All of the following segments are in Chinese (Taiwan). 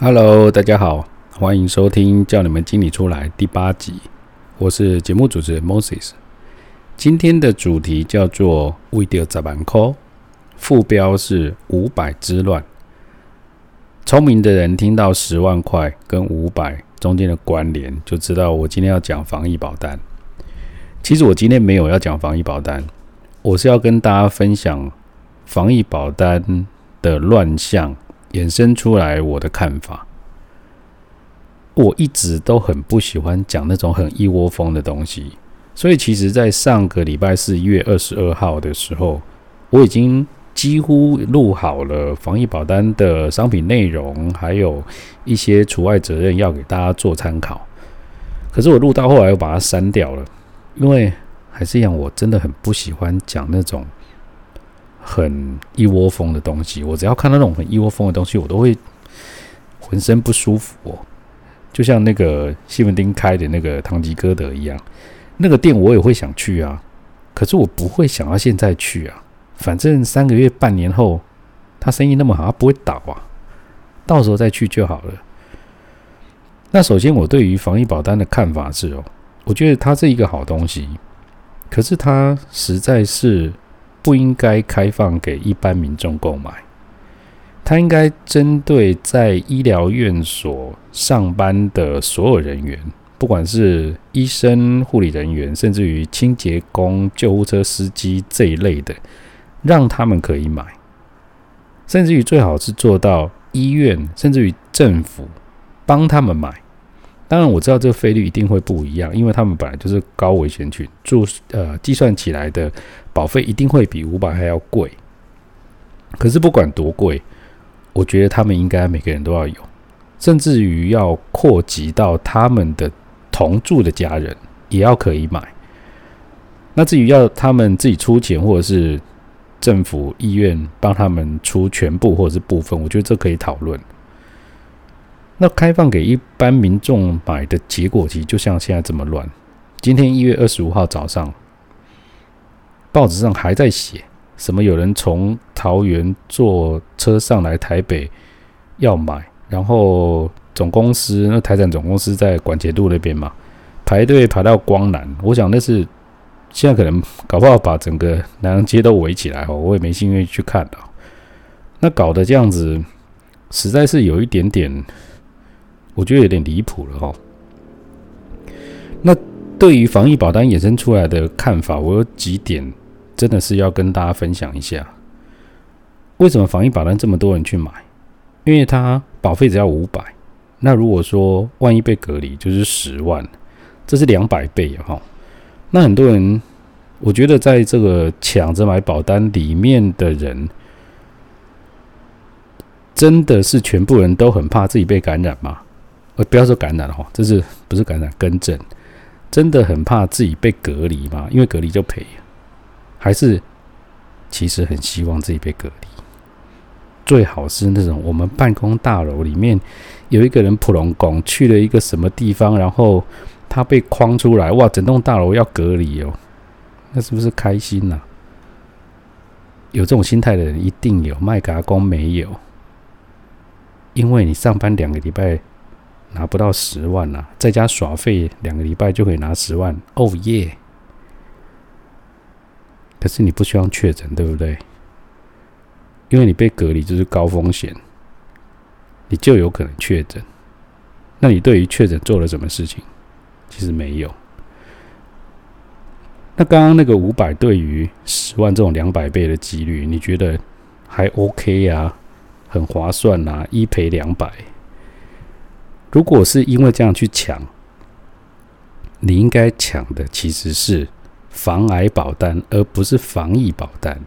Hello，大家好，歡迎收聽《叫你們經理出來》第八集，我是節目主持人 Moses。今天的主題叫做“為了十萬塊”，副標是“五百之亂”。聰明的人聽到十萬塊跟五百中間的關聯，就知道我今天要講防疫保單。其實我今天沒有要講防疫保單，我是要跟大家分享防疫保單的亂象。衍生出來我的看法，我一直都很不喜歡講那種很一窩蜂的東西，所以其實，在上個禮拜四，一月二十二號的時候，我已經幾乎錄好了防疫保單的商品內容，還有一些除外責任要給大家做參考。可是我錄到後來又把它刪掉了，因為還是一樣，我真的很不喜歡講那種。很一窩蜂的東西，我只要看到那種很一窩蜂的東西，我都會渾身不舒服、哦。就像那個西門町開的那個唐吉訶德一樣，那個店我也會想去啊，可是我不會想要現在去啊。反正三個月、半年後，他生意那麼好，他不會倒啊，到時候再去就好了。那首先，我對於防疫保單的看法是：哦，我覺得它是一個好東西，可是它實在是。不應該開放給一般民眾購買，他應該針對在醫療院所上班的所有人員，不管是醫生、護理人員，甚至於清潔工、救護車司機這一類的，讓他們可以買，甚至於最好是做到醫院，甚至於政府幫他們買。當然，我知道這個費率一定會不一樣，因為他們本來就是高危險群，做呃計算起來的。保費一定會比五百還要貴，可是不管多貴，我覺得他們應該每個人都要有，甚至於要擴及到他們的同住的家人也要可以買。那至於要他們自己出錢，或者是政府意願幫他們出全部或者是部分，我覺得這可以討論。那開放給一般民眾買的結果，其實就像現在這麼亂。今天一月二十五號早上。報紙上還在寫什麼？有人從桃園坐車上來台北要買，然後總公司那台產總公司在館前路那邊嘛，排隊排到光南。我想那是現在可能搞不好把整個南陽街都圍起來哦。我也沒心願意去看啊。那搞得這樣子，實在是有一點點，我覺得有點離譜了哈。那對於防疫保單衍生出來的看法，我有幾點。真的是要跟大家分享一下，為什麼防疫保單這麼多人去買？因為它保費只要五百，那如果說萬一被隔離，就是十萬，這是兩百倍哈、啊。那很多人，我覺得在這個搶着買保單裡面的人，真的是全部人都很怕自己被感染嗎？呃，不要說感染哈，這是不是感染？更正，真的很怕自己被隔離嗎？因為隔離就賠。還是，其實很希望自己被隔離，最好是那種我們辦公大樓裡面有一個人普隆共去了一個什麼地方，然後他被框出來，哇，整棟大樓要隔離哦，那是不是開心吶、啊？有這種心態的人一定有，麥嘎工沒有，因為你上班兩個禮拜拿不到十萬吶、啊，在家耍廢兩個禮拜就可以拿十萬，哦耶！可是你不希望確診，對不對？因為你被隔離就是高風險，你就有可能確診。那你對於確診做了什麼事情？其實沒有。那剛剛那個五百對於十萬這種兩百倍的幾率，你覺得還 OK 呀、啊？很划算吶、啊，一賠兩百。如果是因為這樣去搶，你應該搶的其實是。防癌保單，而不是防疫保單。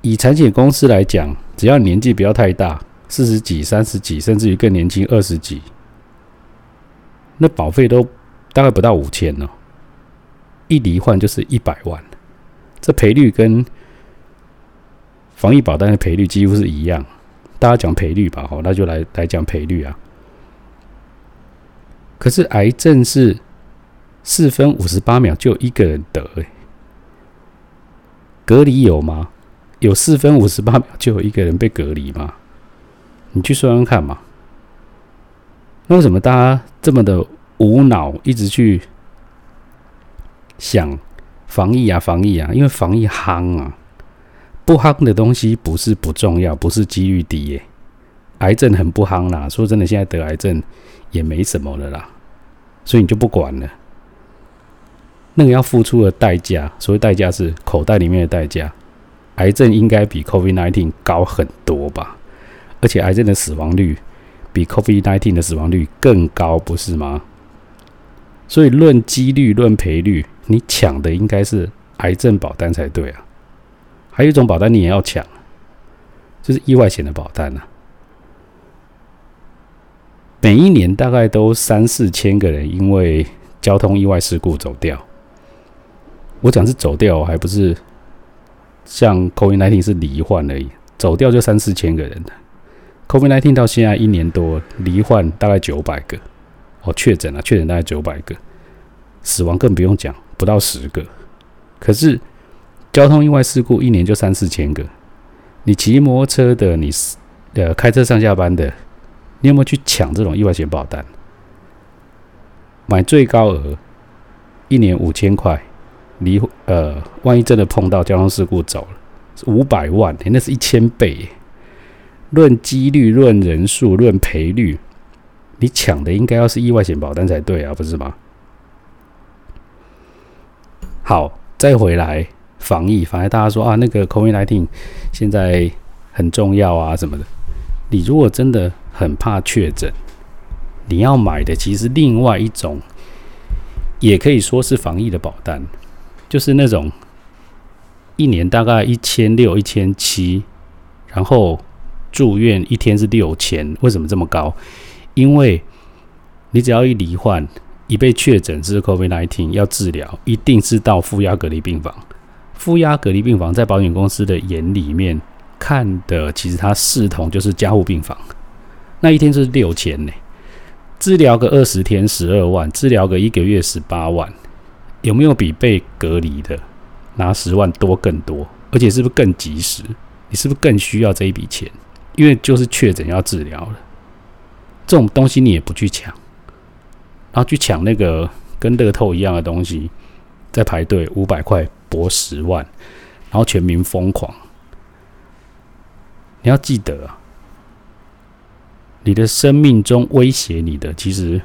以產險公司來講，只要年紀不要太大，四十幾、三十幾，甚至於更年輕二十幾，那保費都大概不到五千呢。一罹患就是一百萬，這賠率跟防疫保單的賠率幾乎是一樣。大家講賠率吧，好，那就來來講賠率啊。可是癌症是。四分五十八秒就有一個人得欸，隔離有嗎？有四分五十八秒就有一個人被隔離嗎？你去算算看嘛。那為什麼大家這麼的無腦，一直去想防疫啊，防疫啊？因為防疫夯啊，不夯的東西不是不重要，不是幾率低欸。癌症很不夯啦，說真的，現在得癌症也沒什麼的啦，所以你就不管了。那個要付出的代價，所謂代價是口袋裡面的代價。癌症應該比 COVID-19 高很多吧？而且癌症的死亡率比 COVID-19 的死亡率更高，不是嗎？所以論幾率、論賠率，你搶的應該是癌症保單才對啊！還有一種保單你也要搶，就是意外險的保單呢、啊。每一年大概都三四千個人因為交通意外事故走掉。我講是走掉，還不是像 COVID nineteen 是罹患而已。走掉就三四千個人 COVID nineteen 到現在一年多，罹患大概九百個哦，確診了，確診大概九百個，死亡更不用講，不到十個。可是交通意外事故一年就三四千個，你騎摩托車的，你呃開車上下班的，你有沒有去搶這種意外險保單？買最高額，一年五千塊。你呃，萬一真的碰到交通事故走了，五百萬，欸，那是一千倍欸。論幾率、論人數、論賠率，你搶的應該要是意外險保單才對啊，不是嗎？好，再回來防疫，反正大家說啊，那個 COVID-19 現在很重要啊什麼的。你如果真的很怕確診，你要買的其實另外一種，也可以說是防疫的保單。就是那種一年大概一千六、一千七，然後住院一天是六千，為什麼這麼高？因為你只要一罹患、一被確診是 COVID-19，要治療，一定是到負壓隔離病房。負壓隔離病房在保險公司的眼裡面看的，其實它視同就是加護病房。那一天就是六千呢，治療個二十天十二萬，治療個一個月十八萬。有沒有比被隔離的拿十萬多更多？而且是不是更及時？你是不是更需要這一筆錢？因為就是確診要治療了，這種東西你也不去搶，然後去搶那個跟樂透一樣的東西，在排隊五百塊博十萬，然後全民瘋狂。你要記得啊，你的生命中威脅你的其實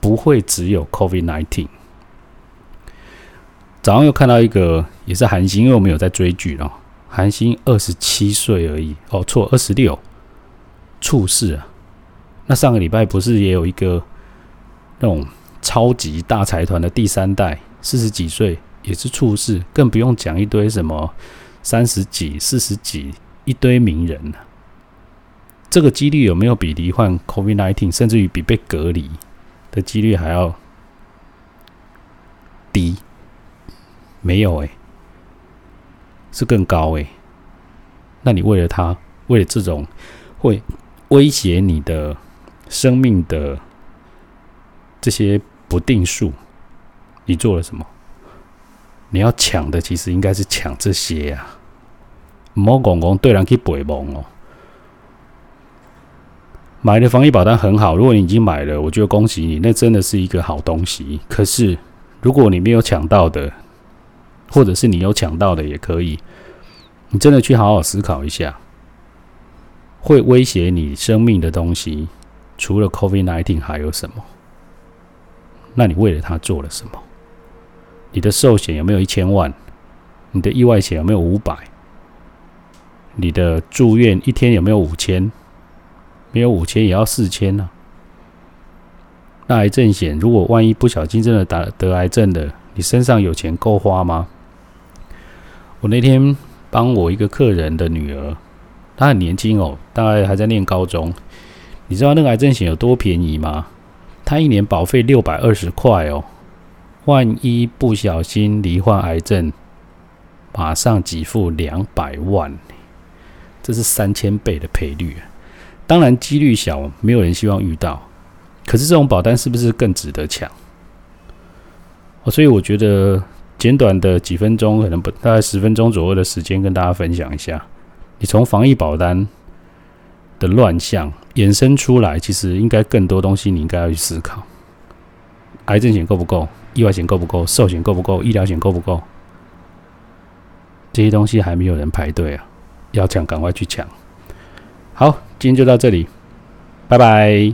不會只有 COVID-19。早上又看到一個也是韓星，因為我們有在追劇了、哦。韓星二十七歲而已，哦，錯，二十六，猝逝啊。那上個禮拜不是也有一個那種超級大財團的第三代，四十幾歲也是猝逝，更不用講一堆什麼三十幾、四十幾一堆名人了、啊。這個幾率有沒有比罹患 COVID-19，甚至於比被隔離的幾率還要低？沒有誒、欸，是更高誒、欸。那你為了他、為了這種會威脅你的生命的這些不定數，你做了什麼？你要搶的其實應該是搶這些啊。毛公公對人可以白忙哦。買的防疫保單很好，如果你已經買了，我就恭喜你，那真的是一個好東西。可是如果你沒有搶到的，或者是你有搶到的也可以，你真的去好好思考一下，會威脅你生命的東西，除了 COVID-19 還有什麼？那你為了他做了什麼？你的壽險有沒有一千萬？你的意外險有沒有五百？你的住院一天有沒有五千？沒有五千也要四千呢、啊？那癌症險，如果萬一不小心真的得得癌症了，你身上有錢夠花嗎？我那天幫我一個客人的女兒，她很年輕哦，大概還在念高中。你知道那個癌症險有多便宜嗎？她一年保費六百二十塊哦，萬一不小心罹患癌症，馬上給付兩百萬，這是三千倍的賠率。當然幾率小，沒有人希望遇到。可是這種保單是不是更值得搶？哦，所以我覺得。簡短的幾分鐘，可能不大概十分鐘左右的時間，跟大家分享一下。你從防疫保單的亂象衍生出來，其實應該更多東西你應該要去思考。癌症險夠不夠？意外險夠不夠？壽險夠不夠？醫療險夠不夠？這些東西還沒有人排隊啊，要搶趕快去搶。好，今天就到這裡，拜拜。